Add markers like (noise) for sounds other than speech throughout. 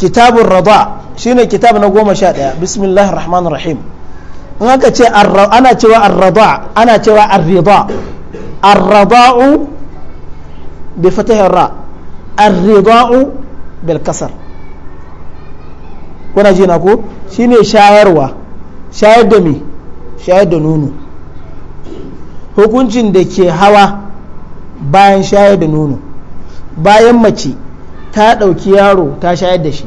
kitabun rada shine kitab na goma sha ɗaya bismillah rahman rahim in aka ce ana cewa arrada ana cewa arrida arrada'u bi fatahi ra arrida'u bil kasar kuna ji na ko shine shayarwa shayar da mi shayar da nono hukuncin da ke hawa bayan shayar da nono bayan mace ta ɗauki yaro ta shayar da shi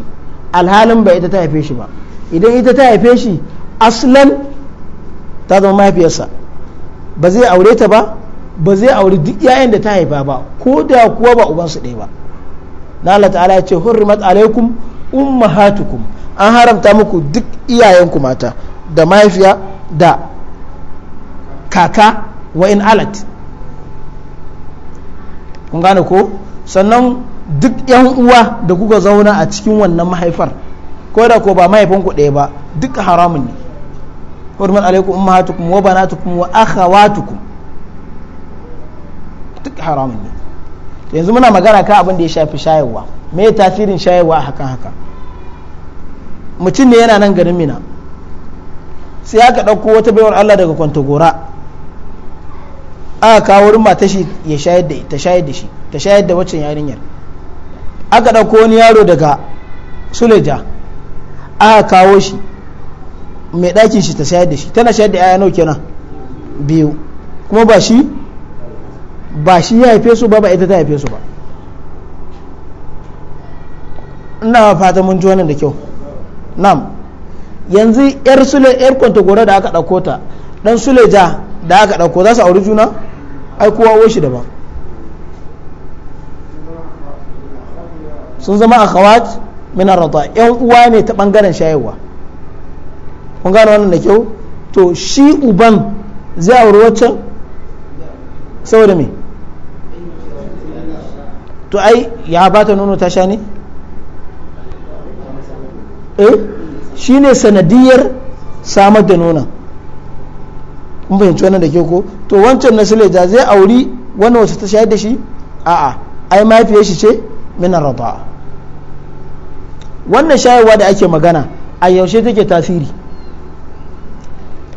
alhalin ba ita ta haife shi ba idan ita ta haife shi aslan ta zama mahaifiyarsa ba zai aure ta ba ba zai aure duk yayan da ta haifa ba ko da kuwa ba ubansu ɗaya ba na Allah ta'ala ya ce hurrimat alaikum ummahatukum an haramta muku duk iyayenku mata da mahaifiya da kaka wa in alat kun gane ko sannan duk yan uwa da kuka zauna a cikin wannan mahaifar ko da ko ba mahaifin ku ɗaya ba duk haramun ne hurman alaikum ummahatukum wa banatukum wa akhawatukum duk haramun ne yanzu muna magana ka abin da ya shafi shayarwa me tasirin shayarwa a hakan haka mutum ne yana nan garin mina sai aka ɗauko wata baiwar Allah daga kwantagora aka kawo wurin mata ya shayar da ta shayar da shi ta shayar da wacce yarinyar aka ɗauko wani yaro daga suleja aka kawo shi mai ɗakin shi ta shayar da shi tana shayar da 'ya'ya nau kenan biyu kuma ba shi ba shi ya haife su ba ba ita ta haife su ba ina fata mun ji wannan da kyau nam yanzu yar sule yar kwantagora da aka ɗauko ta ɗan suleja da aka ɗauko za su auri juna ai kowa uwar shi daban sun zama a khawat min arda yan uwa ne ta bangaren shayarwa kun gane wannan da kyau to shi uban zai aure wacce saboda me to ai ya bata nono ta sha ne eh shi ne sanadiyar samar da nonon kun fahimci wannan da kyau ko to wancan na suleja zai auri wani wacce ta shayar da shi a'a ai mahaifiyar shi ce min arda'a wannan shayarwa da ake magana a yaushe take tasiri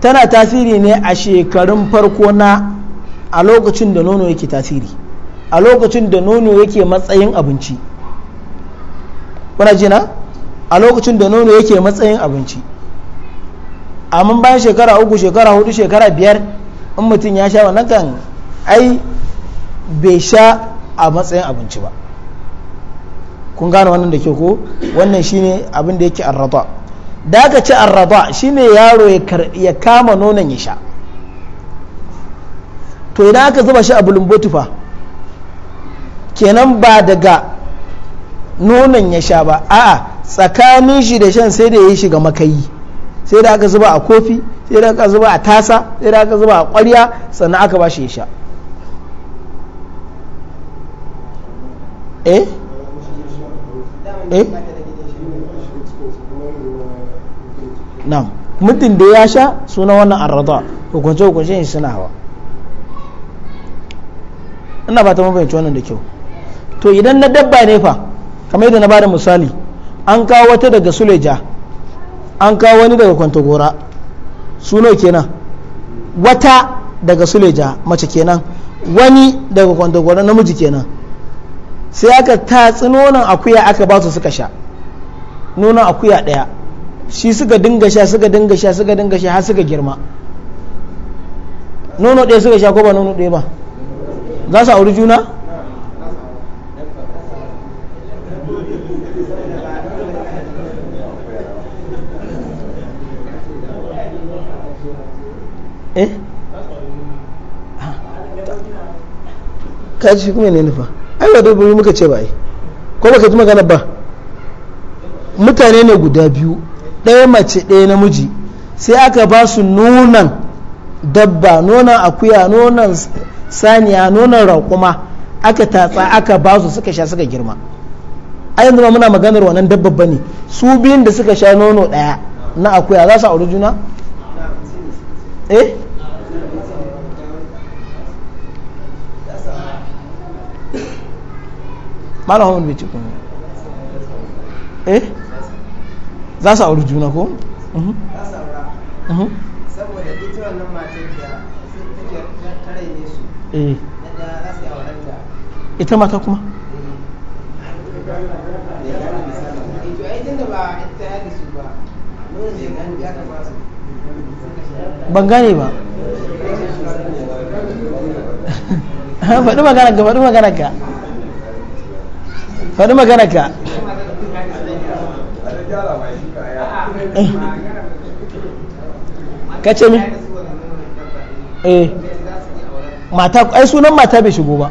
tana tasiri ne a shekarun farko na a lokacin da nono yake tasiri a lokacin da nono yake matsayin abinci kuna jina a lokacin da nono yake matsayin abinci amma bayan shekara uku shekara hudu shekara biyar in mutum ya sha wannan kan ai bai sha a matsayin abinci ba kun gane wannan da ke ko wannan shine abin da yake arraba da aka arraba shine yaro ya kama nonon ya sha to idan aka zuba shi a bulumbotu kenan ba daga nonon ya sha ba a'a tsakanin shi da shan sai da ya shiga makayi sai da aka zuba a kofi sai da aka zuba a tasa sai da aka zuba a kwarya sannan aka ba shi ya sha eh eh mutum da ya sha suna wannan arrada hukunce hukunce shi suna hawa ina ba ta mafi wannan da kyau to idan na dabba ne fa kamar yadda na bada misali an kawo wata daga suleja an kawo wani daga kwantagora suno kenan wata daga suleja mace kenan wani daga kwantagora namiji kenan sai aka tatsi nonon akuya aka ba su suka sha nonon akuya ɗaya shi suka dinga sha suka dinga sha suka dinga sha har suka girma nono ɗaya suka sha ko ba nono ɗaya ba za su auri juna eh ji kuma ne nufa ai ba dabbobi muka ce ba ai ko baka ji magana ba mutane ne guda biyu ɗaya mace ɗaya namiji sai aka ba su nunan dabba nonon akuya nunan saniya nonon raƙuma aka tatsa aka ba su suka sha suka girma a yanzu ma muna maganar wannan dabba ne su biyun da suka sha nono ɗaya na akuya za su auri juna eh malam hawan bai ce eh za su auri juna ko mhm. Mhm. saboda ita wannan matar da take tare ne su eh ita mata kuma ban gane ba (laughs) faɗi magana ga faɗi magana ga faɗi magana ka eh. ka ce mi eh mata ai sunan mata bai shigo ba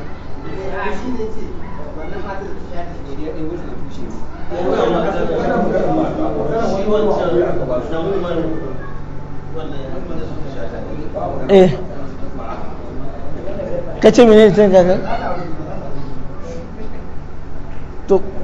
eh ka ce mi ne ta kaka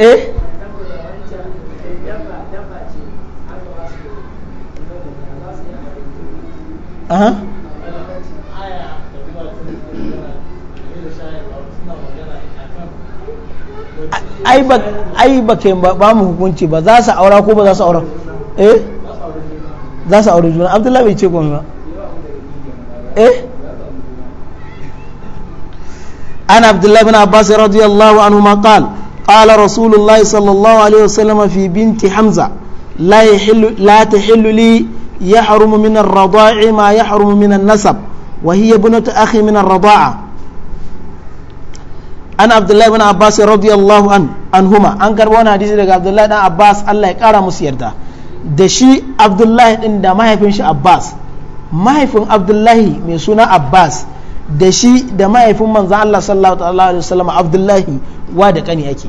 eh aha ai ba ke ba mu hukunci ba za su aura ko ba za su aura eh za su aure juna abdullahi bai ce komai ba eh an abdullahi bin abbas radiyallahu anhu ma qala قال رسول الله صلى الله عليه وسلم في بنت حمزة لا يحل لا تحل لي يحرم من الرضاع ما يحرم من النسب وهي ابنة أخي من الرضاعة أنا عبد الله بن عباس رضي الله عنه عنهما أنكر وانا حديث عبد الله بن عباس الله يقرأ مسيرته da shi abdullahi ɗin da mahaifin shi abbas mahaifin abdullahi mai suna abbas da shi da الله صلى الله عليه وسلم عبد الله wa da kani ake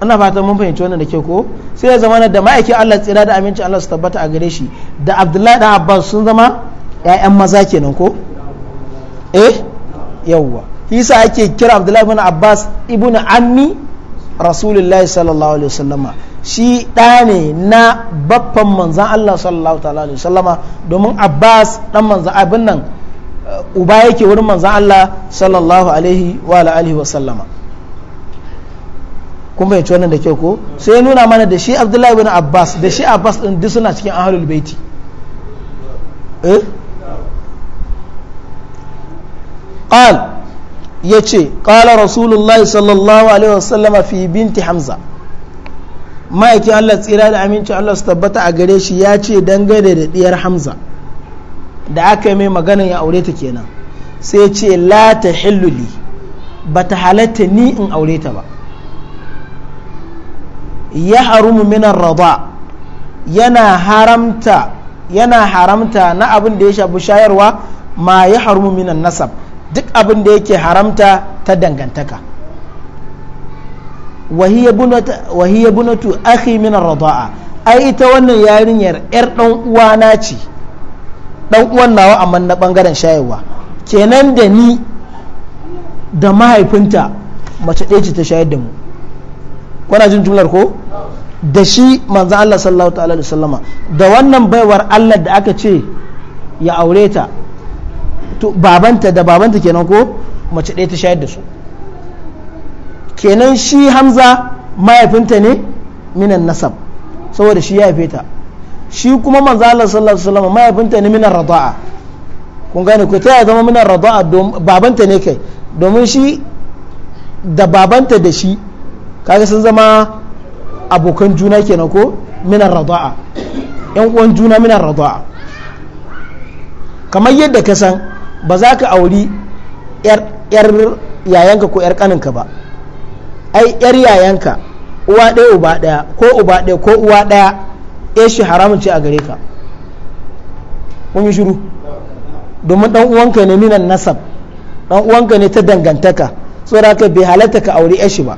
ana fatan mun fahimci wannan da ke ko sai ya zama da ma'aikin Allah tsira da aminci Allah su tabbata a gare shi da Abdullahi da Abbas sun zama ƴaƴan maza kenan ko eh yawwa isa ake kira Abdullahi ibn Abbas ibn ammi Rasulullahi sallallahu alaihi wasallama shi ɗa ne na baffan manzan Allah sallallahu alaihi wasallama domin Abbas dan manzan abin nan uba yake wurin manzan Allah sallallahu alaihi wa alihi wa sallama kun fahimci wannan da kyau ko sai ya nuna mana da shi Abdullahi ibn Abbas da shi Abbas din duk suna cikin ahlul baiti eh qal yace qala rasulullahi sallallahu alaihi wa sallama fi binti Hamza ma'aikin Allah tsira da aminci Allah su tabbata a gare shi ya ce dangane da diyar Hamza da aka yi mai magana ya aure ta kenan sai ce la ta hilluli ba ta halatta ni in aure ta ba ya harumu minan raba yana haramta na abin da ya shafi shayarwa ma ya harumu minan nasab duk abin da yake haramta ta dangantaka wahiya bunatu akhi minan rada'a ai ita wannan yarinyar 'yar ɗan na ce dan uwan nawa amma na bangaren shayarwa kenan da ni da mahaifinta mace ɗaya ce ta shayar da mu kuna jin jumlar ko da shi manzo Allah sallallahu ta'ala da sallama da wannan baiwar Allah da aka ce ya aure ta to babanta da babanta kenan ko mace ɗaya ta shayar da su kenan shi Hamza mahaifinta ne minan nasab saboda shi ya haife ta shi kuma manzo Allah sallallahu alaihi wasallam mahaifinta ne minar rada'a kun gane ku ta zama minar rada'a babanta ne kai domin shi da babanta da shi kaga sun zama abokan juna kenan ko minar rada'a yan uwan juna minar rada'a kamar yadda ka san ba za ka auri yar yayanka ko yar kaninka ba ai yar yayanka uwa ɗaya uba ɗaya ko uba ɗaya ko uwa ɗaya ya shi haramun ce a gare ka kun yi shiru domin dan uwanka ne minan nasab dan uwanka ne ta dangantaka saboda ka bai halatta ka aure shi ba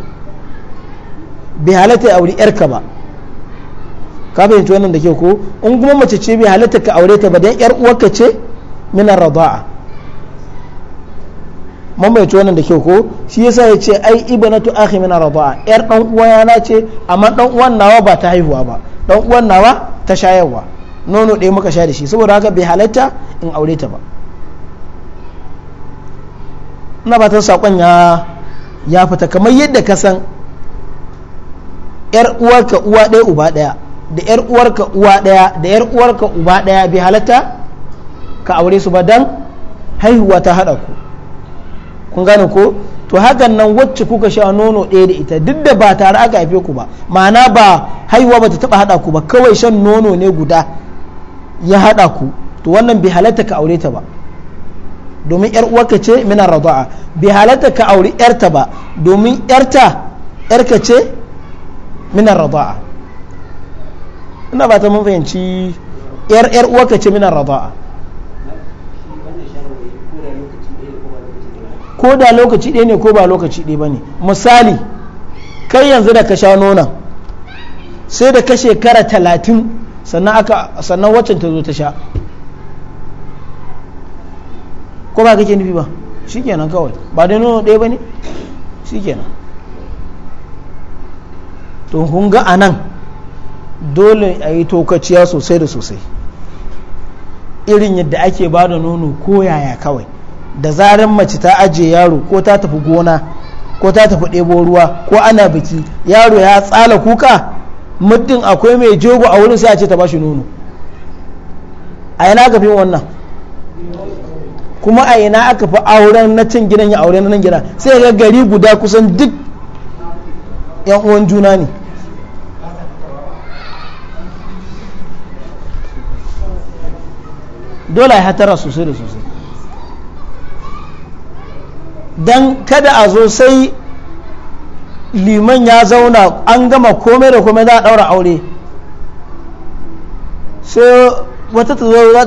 bai halatta ya aure yarka ba ka fahimci wannan da ke ko in kuma mace ce bai halatta ka aure ta ba dan yar uwarka ce minan rada'a mun bai wannan da ke ko shi yasa ya ce ai ibanatu akhi minan rada'a yar dan uwa ya ce amma dan uwan nawa ba ta haihuwa ba dan uwan nawa ta shayarwa nono ɗaya muka sha da shi saboda haka bai halatta in aure ta ba ina ba ta saƙon ya ya fita kamar yadda ka san yar uwarka uwa ɗaya uba ɗaya da yar uwarka uwa ɗaya da yar uwarka uba ɗaya bai halatta ka aure su ba dan haihuwa ta haɗa ku kun gane ko to hakan nan wacce kuka sha nono ɗaya da ita duk da ba tare aka haife ku ba ma'ana ba haihuwa ba ta taɓa haɗa ku ba kawai shan nono ne guda ya haɗa ku to wannan bai halatta ka aure ta ba domin yar uwarka ce mina radu'a bai halatta ka aure yarta ba domin yarta yarka ce mina radu'a ina ba ta mun fahimci yar yar uwarka ce mina radu'a ko da lokaci ɗaya ne ko ba lokaci ɗaya ba ne misali kai yanzu da ka sha nonon sai da ka shekara talatin sannan aka sannan waccan ta zo ta sha ko ba kake nufi ba shi kenan kawai ba da nono ɗaya ba ne shikenan to kun ga a nan dole a yi tokaciya sosai da sosai irin yadda ake ba da nono ko yaya kawai da zarar mace ta ajiye yaro ko ta tafi gona ko ta tafi ɗebo ruwa ko ana biki yaro ya tsala kuka muddin akwai mai jego a wurin sai a ce ta bashi nono a yana aka wannan kuma a yana aka fi auren na cin gidan ya auren nan gida. sai ga gari guda kusan duk yan uwan juna ne dole ya hatara sosai da sosai don kada a zo sai liman ya zauna an gama komai da komai za a ɗaura aure sai wata ta zo ta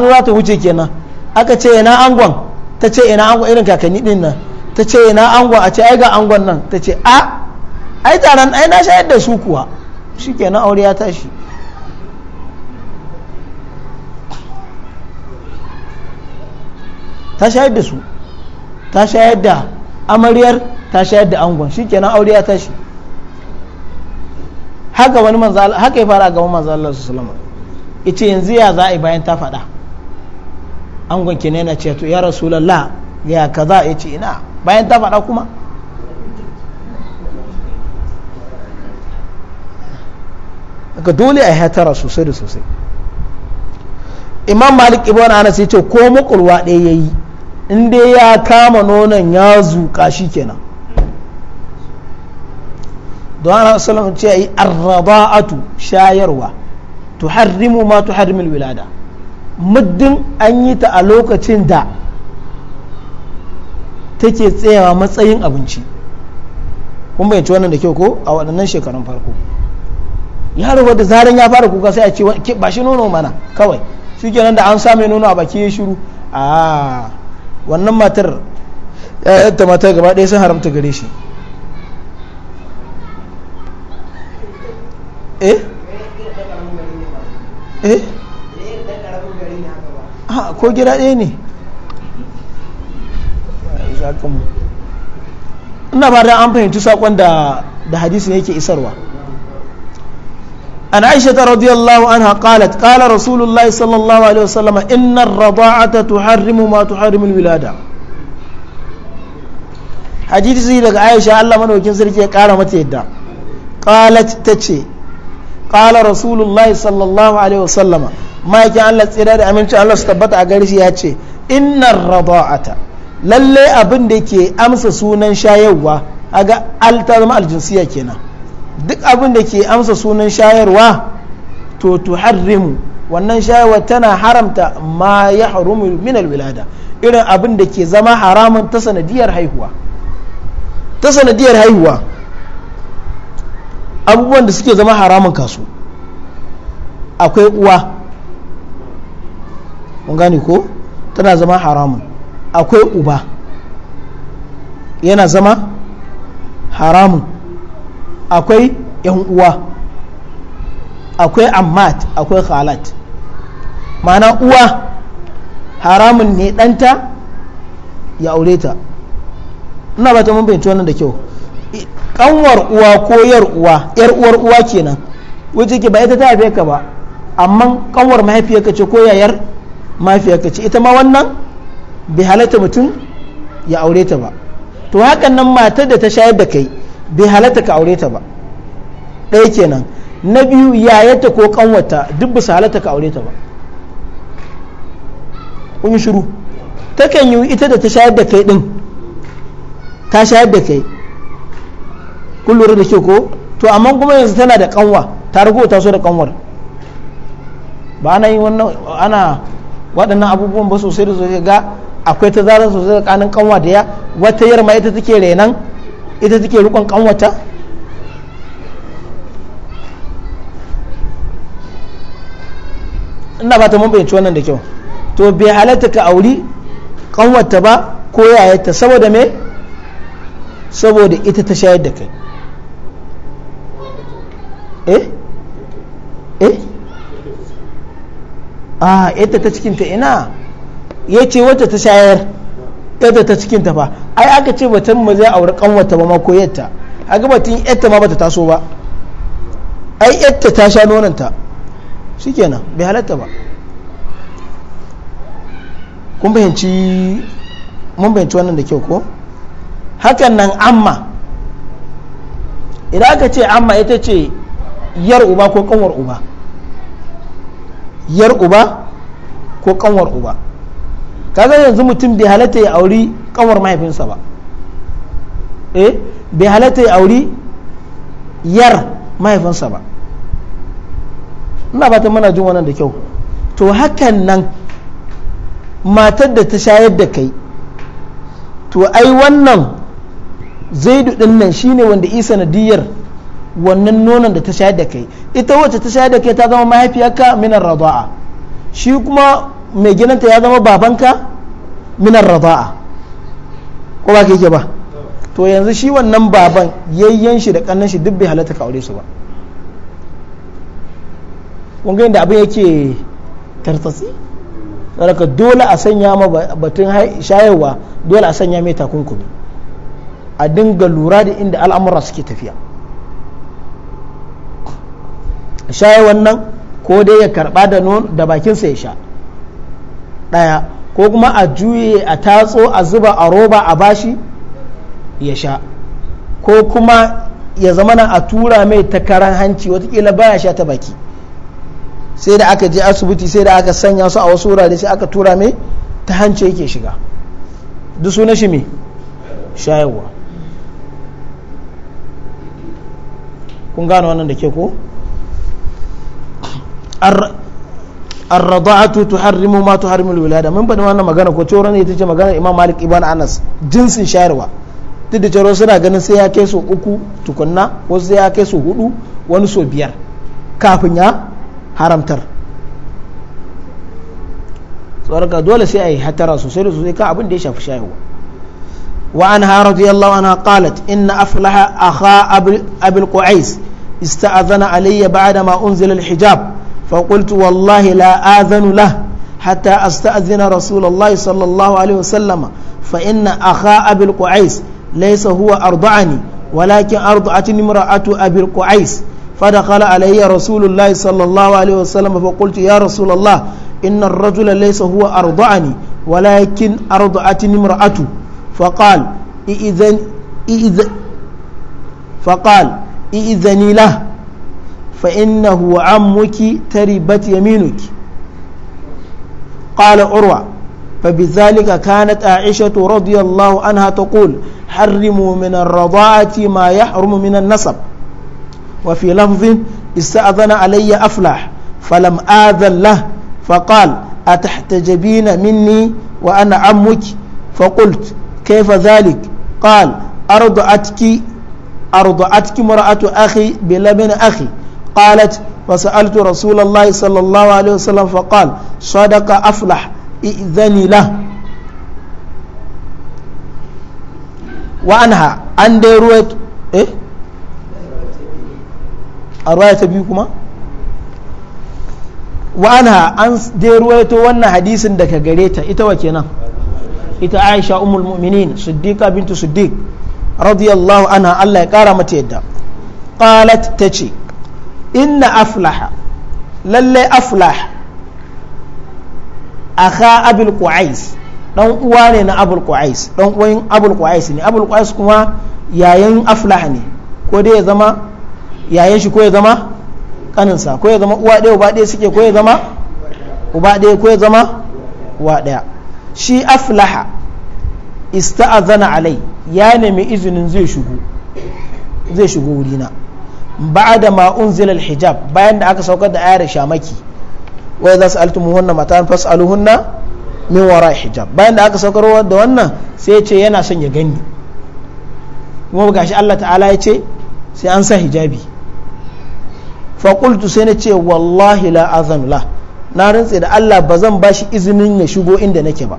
zo za ta wuce kenan aka ce ina angon ta ce ina angon irin kakanni din nan ta ce ina angon a ce ai ga angon nan ta ce a ai taron ai na shayar da su kuwa shi kenan aure ya tashi ta shayar da su ta shayar da amaryar ta shayar da angon shikenan aure ya tashi haka wani manzo haka ya fara a gaban manzo Allah sallallahu alaihi wasallam yanzu ya za a yi bayan ta faɗa angon ki ne na ce to ya rasulullah ya kaza yace ina bayan ta faɗa kuma ka dole a hatara sosai da sosai imam malik ibn anas ya ce ko makulwa ɗaya ya yi in dai ya kama nonon ya zuƙa shi kenan don ana salam ce yi arraba'atu shayarwa tuharrimu ma tuharrimul wilada muddin an yi ta a lokacin da take tsayawa matsayin abinci kun ci wannan da kyau ko a waɗannan shekarun farko yaro wadda zaran ya fara kuka sai a ce ba shi nono mana kawai shi kenan da an same nono a baki ya shiru a wannan matar ta mata gaba ɗaya sun haramta gare shi eh eh ha ko gida ɗaya ne ina ba da an fahimci saƙon da hadisi ne yake isarwa an aisha ta radiyallahu anha qalat qala rasulullahi sallallahu alaihi wasallam inna ar-rada'ata tuharrimu ma tuharrimu al-wilada hadisi daga aisha Allah madaukin sarki ya kara mata yadda qalat tace qala rasulullahi sallallahu alaihi wasallama ma'aikin Allah tsira da aminci Allah su tabbata a gari shi ya ce innar rada'ata lalle abin da ke amsa sunan shayarwa aga al ta zama aljinsiya kenan duk abin da ke amsa sunan shayarwa to tuharrimu wannan shayarwa tana haramta ma ya harumu min alwilada irin abin da ke zama haramun ta sanadiyar haihuwa ta sanadiyar haihuwa abubuwan da suke zama haramun kasu akwai uwa mun gane ko tana zama haramun akwai uba yana zama haramun akwai yan uwa akwai amat akwai khalat mana uwa haramun ne ɗanta ya aure ta ina ba ta mun bayyance wannan da kyau kanwar uwa ko yar uwa yar uwar uwa kenan wuce ke ba ita ta haife ka ba amma kanwar mahaifiyarka ce ko yayar mahaifiyarka ce ita ma wannan bai halatta mutum ya aure ta ba to hakan nan matar da ta shayar da kai bai halatta ka aure ta ba ɗaya kenan na biyu yayata ko kanwata duk bisa halatta ka aure ta ba kun shiru ta kan yi ita da ta shayar da kai din ta shayar da kai kun lura da ke ko to amma kuma yanzu tana da kanwa ta rigo ta so da kanwar ba ana yi wannan ana waɗannan abubuwan ba sosai da sosai ga akwai ta zara sosai da kanin kanwa da ya wata yarma ita take renan ita take rukon kanwata ina ba ta mun bayyanci wannan da kyau to bai halatta ka auri kanwata ba ko yayata saboda me saboda ita ta shayar da kai eh eh ah ita ta cikinta ina ya ce wata ta shayar yadda ta cikin ta fa ai aka ce batun mu zai aure kanwata ba ma ko yadda haka batun yadda ma bata taso ba ai yadda ta sha ta shikenan bai halatta ba kun bayanci mun bayanci wannan da kyau ko hakan nan amma idan aka ce amma ita ce yar uba ko kanwar uba yar uba ko kanwar uba kaga yanzu mutum bai halatta ya auri kawar mahaifinsa ba eh bai halatta ya auri yar mahaifinsa ba ina ba ta mana jin wannan da kyau to hakan nan matar da ta shayar da kai to ai wannan zaidu din nan shine wanda isa nadiyar wannan nonon da ta shayar da kai ita wacce ta shayar da kai ta zama mahaifiyarka minar radu'a shi kuma mai gidanta ya zama babanka minar raza'a ko ba ke ba to yanzu shi wannan baban yayyan shi da kannan shi duk bai halatta ka aure su ba kun ga inda abin yake tartatsi saboda dole a sanya ma batun shayarwa dole a sanya mai takunkumi a dinga lura da inda al'amura suke tafiya shayarwa nan ko dai ya karba da bakinsa ya sha ɗaya ko kuma a juye a tatso a zuba a roba a bashi ya sha ko kuma ya zama na a tura mai ta karan hanci watakila baya sha ta baki sai da aka je asibiti sai da aka sanya su a wasu wurare sai aka tura mai ta hanci yake shiga duk suna shi me shayarwa kun gano wannan da ke ko ar-rada'atu tuharrimu ma tuharrimu al da mun faɗi wannan magana ko cewa ne ita ce magana Imam Malik ibn Anas jinsin shayarwa duk da cewa suna ganin sai ya kai su uku tukunna wasu sai ya kai su hudu wani so biyar kafin ya haramtar tsoraka dole sai a yi hatara sosai da sosai ka abin da ya shafi shayarwa wa an ha radiyallahu anha qalat inna aflaha akha abul qais استأذن علي بعد ما أنزل الحجاب فقلت والله لا آذن له حتى أستأذن رسول الله صلى الله عليه وسلم فإن أخا أبي القعيس ليس هو أرضعني ولكن أرضعتني امرأة أبي القعيس فدخل علي رسول الله صلى الله عليه وسلم فقلت يا رسول الله إن الرجل ليس هو أرضعني ولكن أرضعتني امرأة فقال إذن إذن فقال إذني له فإنه عمك تربت يمينك قال عروة فبذلك كانت عائشة رضي الله عنها تقول حرموا من الرضاعة ما يحرم من النسب وفي لفظ استأذن علي أفلح فلم آذن له فقال أتحتجبين مني وأنا عمك فقلت كيف ذلك قال أرضعتك أرضعتك مرأة أخي بلبن أخي قالت فسألت رسول الله صلى الله عليه وسلم فقال صدق أفلح إذن له وأنها عن رويت إيه الرواية بيكما وأنها عن رويت وأن حديث دك قريتا إتوكينا إتا عائشة أم المؤمنين صديقة بنت صديق رضي الله عنها الله يكرمت يدها قالت تشي inna aflaha lalle a ka abul qais dan uwa ne na abul qais dan uwan abul qais ne abul qais kuma yayin aflaha ne ko dai ya zama yayin shi ko ya zama kaninsa ko ya zama uwa ɗaya uba ɗaya suke ko ya zama uba ɗaya ko ya zama uwa ɗaya shi aflaha ista'azana alai ya nemi izinin zai shigo zai shigo wurina ba'da ma unzila hijab bayan da aka saukar da ayar shamaki wa idza sa'altumuhunna matan fas'aluhunna min wara hijab bayan da aka saukar da wannan sai ya ce yana son ya gani kuma gashi Allah ta'ala ya ce sai an sa hijabi fa qultu sai na ce wallahi la azan la na rantsa da Allah ba zan bashi izinin ya shigo inda nake ba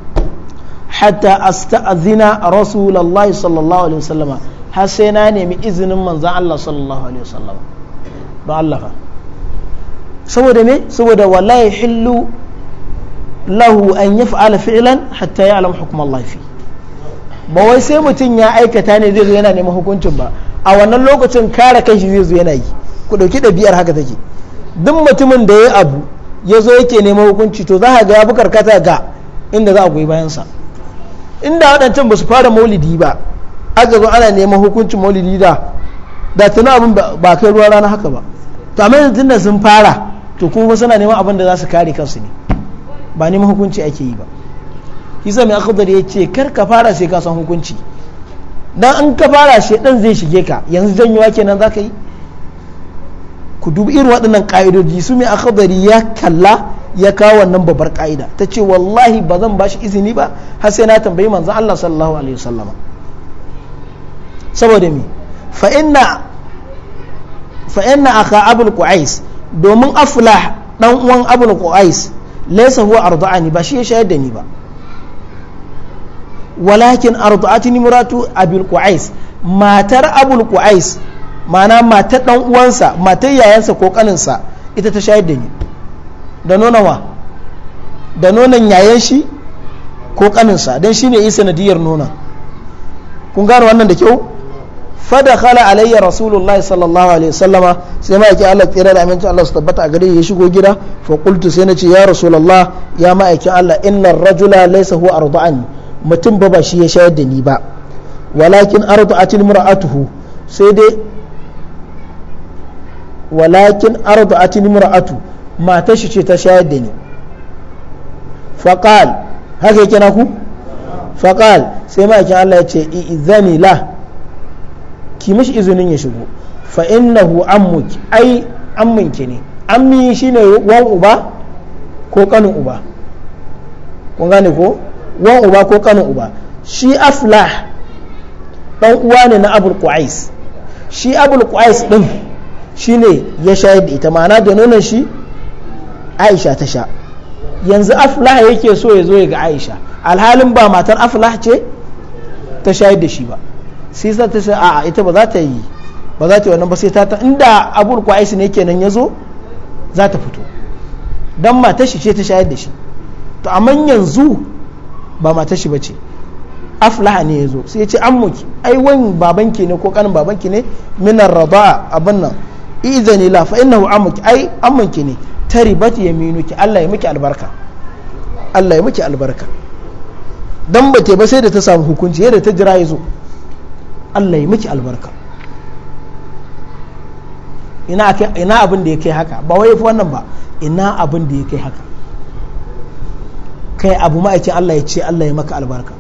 hatta asta'zina rasulullahi sallallahu alaihi wasallama har sai na nemi izinin manzan Allah sallallahu alaihi wasallam ba Allah fa saboda me saboda wallahi hillu lahu an yaf'ala fi'lan hatta ya'lam hukm Allah fi ba wai sai mutum ya aikata ne zai zo yana neman hukuncin ba a wannan lokacin kare kanshi zai zo yana yi ku dauki ɗabi'ar haka take duk mutumin da ya abu ya zo yake neman hukunci to za ga ya bi karkata ga inda za a goyi bayansa inda waɗancan ba su fara maulidi ba aka zo ana neman hukuncin maulidi da da tuna abin ba kai ruwa rana haka ba to amma yanzu tunda sun fara to kuma suna neman abin da za su kare kansu ne ba neman hukunci ake yi ba kisa mai akhdar ya ce kar ka fara sai ka san hukunci dan an ka fara shi dan zai shige ka yanzu janyewa kenan za ka yi ku dubi irin waɗannan ƙa'idoji su mai akhdari ya kalla ya kawo wannan babbar ƙa'ida ta ce wallahi ba zan ba shi izini ba har sai na tambayi manzon Allah sallallahu alaihi wasallama saboda me fa inna aka abul qais domin aflah dan uwan abul qais laysa huwa arda'ani ba shi ya shayar da ni ba walakin arda'atni muratu abul qais matar abul qais mana matar dan uwansa matar yayansa ko kaninsa ita ta shayar da ni da nonawa da nonan yayan shi ko ƙaninsa don shine ne yi sanadiyar nonan kun gane wannan da kyau fadakhala alayya rasulullahi sallallahu alaihi wasallama sai ma yake Allah tsira da amincin Allah su tabbata a gare ya shiga gida fa qultu sai nace ya rasulullah ya ma'aikin Allah innar rajula laysa huwa arda'ani mutum ba ba shi ya shayar ba walakin sai dai walakin arda'atil ma'aikin Allah ya ce ki mishi izinin ya shigo fa innahu ammuki ai amminki ne ammi shine wan uba ko kanin uba kun gane ko wan uba ko kanin uba shi aflah dan uwa ne na abul quais shi abul quais din shine ya shayar da ita ma'ana da nonon shi aisha ta sha yanzu aflah yake so ya zo ya ga aisha alhalin ba matar aflah ce ta shayar da shi ba sai za ta ce a ita ba za ta yi ba za ta yi wannan ba sai ta ta inda abul qais ne kenan yazo za ta fito dan matashi shi ce ta shayar da shi to amma yanzu ba matashi shi bace aflaha ne yazo sai ya ce ammuki ai wani babanki ne ko kanin babanki ne minar raba abin nan izani la fa innahu ammuki ai ammuki ne taribat yaminuki Allah ya miki albarka Allah ya miki albarka dan bace ba sai da ta samu hukunci yadda ta jira yazo Allah ya miki albarka ina abin da ya kai haka ba wai fi wannan ba ina abin da ya kai haka kai abu ma'aikin Allah ya ce Allah ya maka albarka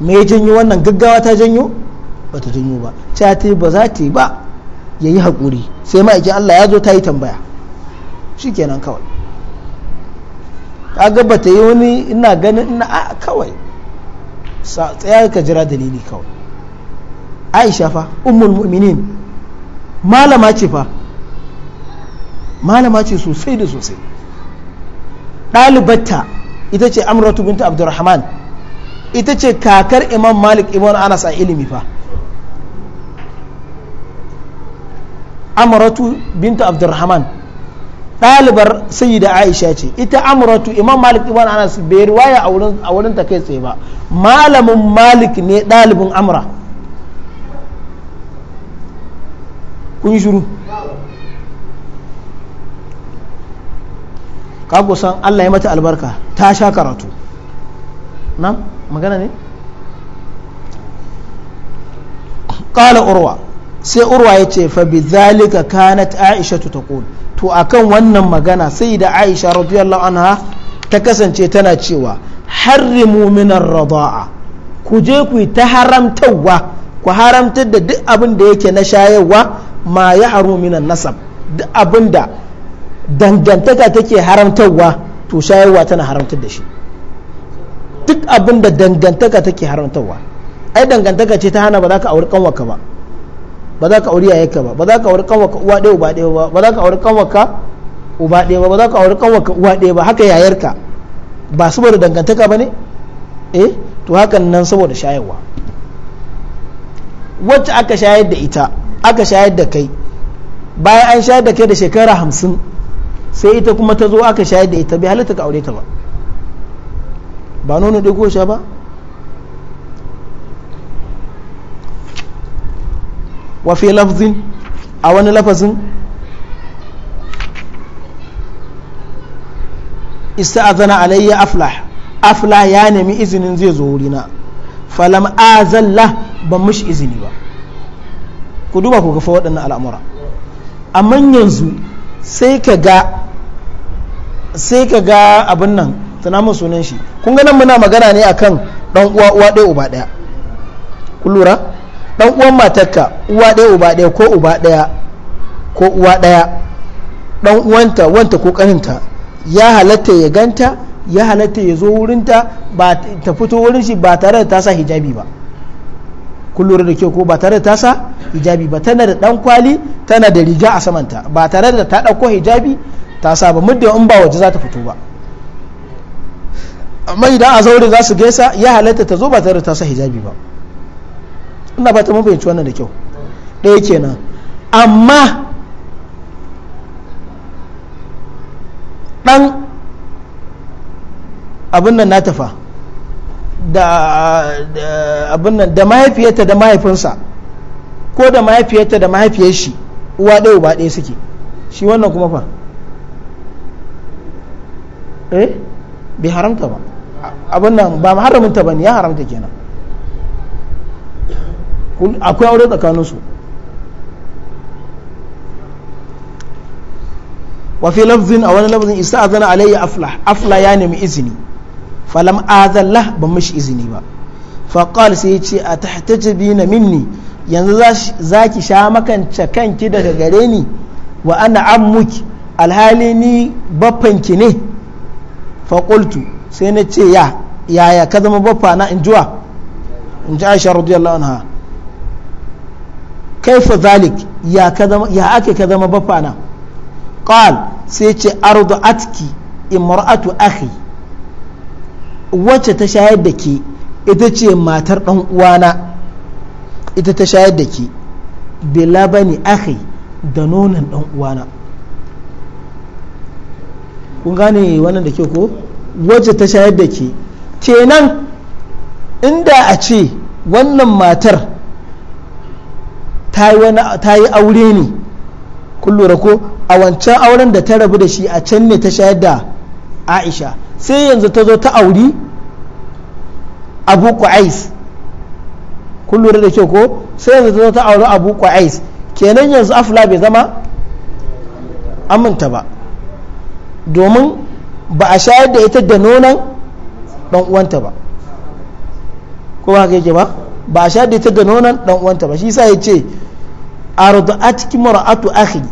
me ya janyo wannan gaggawa ta janyo ba ta janyo ba ta ta ba za ta yi ba ya yi haƙuri sai ma'aikin Allah ya zo ta yi tambaya shi kenan kawai kaga ba ta yi wani ina ganin ina a kawai tsaya ka jira dalili kawai aisha fa ummul mu'minin malama ce fa malama ce sosai da sosai ɗalibata ita ce amratu binta abdurrahman ita ce kakar imam malik ibn anas a ilimi fa amratu binta abdurrahman ɗalibar sayyida aisha ce ita amratu imam malik ibn anas bai riwaya a wurin ta kai tsaye ba malamin malik ne ɗalibin amra kun yi shiru san Allah ya mata albarka ta sha karatu na magana ne kala urwa sai urwa ya ce fa zalika kanat aisha taqul to akan wannan magana sai da aisha radiyallahu anha ta kasance tana cewa harrimu minar rada'a ku je ku yi ta haramtarwa ku haramtar da duk abin da yake na shayarwa ma ya haru minan nasab duk abinda dangantaka take haramtarwa to shayarwa tana haramtar da shi duk abinda dangantaka take haramtarwa ai dangantaka ce ta hana ba za ka auri kanwaka ba ba za ka auri yayaka ba ba za ka auri kanwaka uwa ɗaya uba ɗaya ba ba za ka auri kanwaka uba ɗaya ba ba za ka auri kanwaka uwa ɗaya ba haka yayarka ba saboda dangantaka ba ne eh to hakan nan saboda shayarwa wacce aka shayar da ita aka shayar da kai bayan an shayar da kai da shekara hamsin sai ita kuma ta zo aka shayar da ita bai halitta ka aure ta ba ba nono ɗai sha ba wafe lafzin a wani lafazin ista'azana alayya aflah aflah ya nemi izinin zai zo wurina falam azalla ban mishi izini ba ku duba ku kafa waɗannan al'amura amma yanzu sai ka ga sai ka ga abin nan tana mun sunan shi kun ga nan muna magana ne akan dan uwa uwa ɗaya uba ɗaya ku lura dan uwan matarka uwa ɗaya uba ɗaya ko uba ɗaya ko uwa ɗaya dan uwanta wanta ko kaninta ya halatta ya ganta ya halatta ya zo wurinta ba ta fito wurin shi ba tare da ta sa hijabi ba kun lura da kyau ko ba tare da tasa hijabi ba tana da dan kwali tana da riga a samanta ba tare da ta dauko hijabi ta sa ba muddin in ba waje za ta fito ba amma idan a zaure za su gaisa ya halatta ta zo ba tare da tasa hijabi ba ina ba ta mun fahimci wannan da kyau ɗaya kenan amma dan abin nan na tafa da abin nan da mahaifiyarta da mahaifinsa ko da mahaifiyarta da mahaifiyar shi uwa ɗaya uba ɗaya suke shi wannan kuma fa eh bai haramta ba abin nan ba maharaminta ba ne ya haramta kenan akwai aure tsakaninsu wa fi lafzin a wani lafzin isa zana alayya afla afla ya nemi izini falam azallah ban mishi izini ba faqal sai ya ce a tahtajibina minni yanzu za ki sha makance kanki daga gare ni wa ana ammuki alhali ni baffanki ne faƙultu sai na ce ya yaya ka zama baffa na in juwa in ji aisha radiyallahu anha kaifa zalik ya ake ka zama baffa na qal sai ce ardu atki imra'atu akhi wacce ta shayar da ke ita ce matar ɗan uwana ita ta shayar da ke bela bani ake da nonon ɗan uwana kun gane wannan da ke ko wacce ta shayar da ke kenan inda a ce wannan matar ta yi aure ne kullum ko a wancan auren da ta rabu da shi a can ne ta shayar da aisha sai yanzu ta zo ta auri abu qais kun lura da kyau ko sai yanzu ta ta auri abu qais kenan yanzu afla bai zama aminta ba domin ba a shayar da ita da nonon dan uwanta ba ko ba haka yake ba ba a shayar da ita da nonon dan uwanta ba shi sa ya ce ardu'at kimra'atu akhi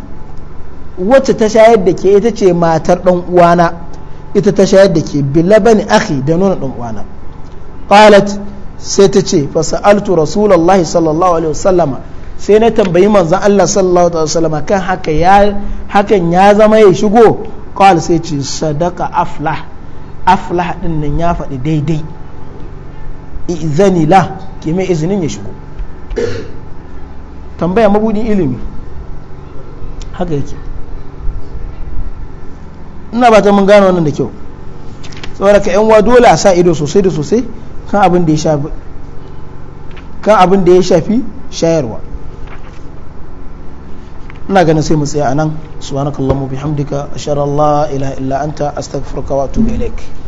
wacce ta shayar da ke ita ce matar dan uwana ita ta shayar da ke bilabani akhi da nonon dan uwana qalat sai ta ce fa sa'altu rasulullahi sallallahu alaihi wasallama sai na tambayi manzon Allah sallallahu alaihi wasallama kan haka ya hakan ya zama ya shigo qal sai ce sadaka aflah aflah din nan ya faɗi daidai izani la ki mai izinin ya shigo tambaya mabudin ilimi haka yake ina ba ta mun gano wannan da kyau saboda ka yan wa dole a sa ido sosai da sosai kan abin da ya shafi shayarwa ina ganin sai mu tsaya anan subhanakallahumma bihamdika ashhadu an la ilaha illa anta astaghfiruka wa atubu ilaik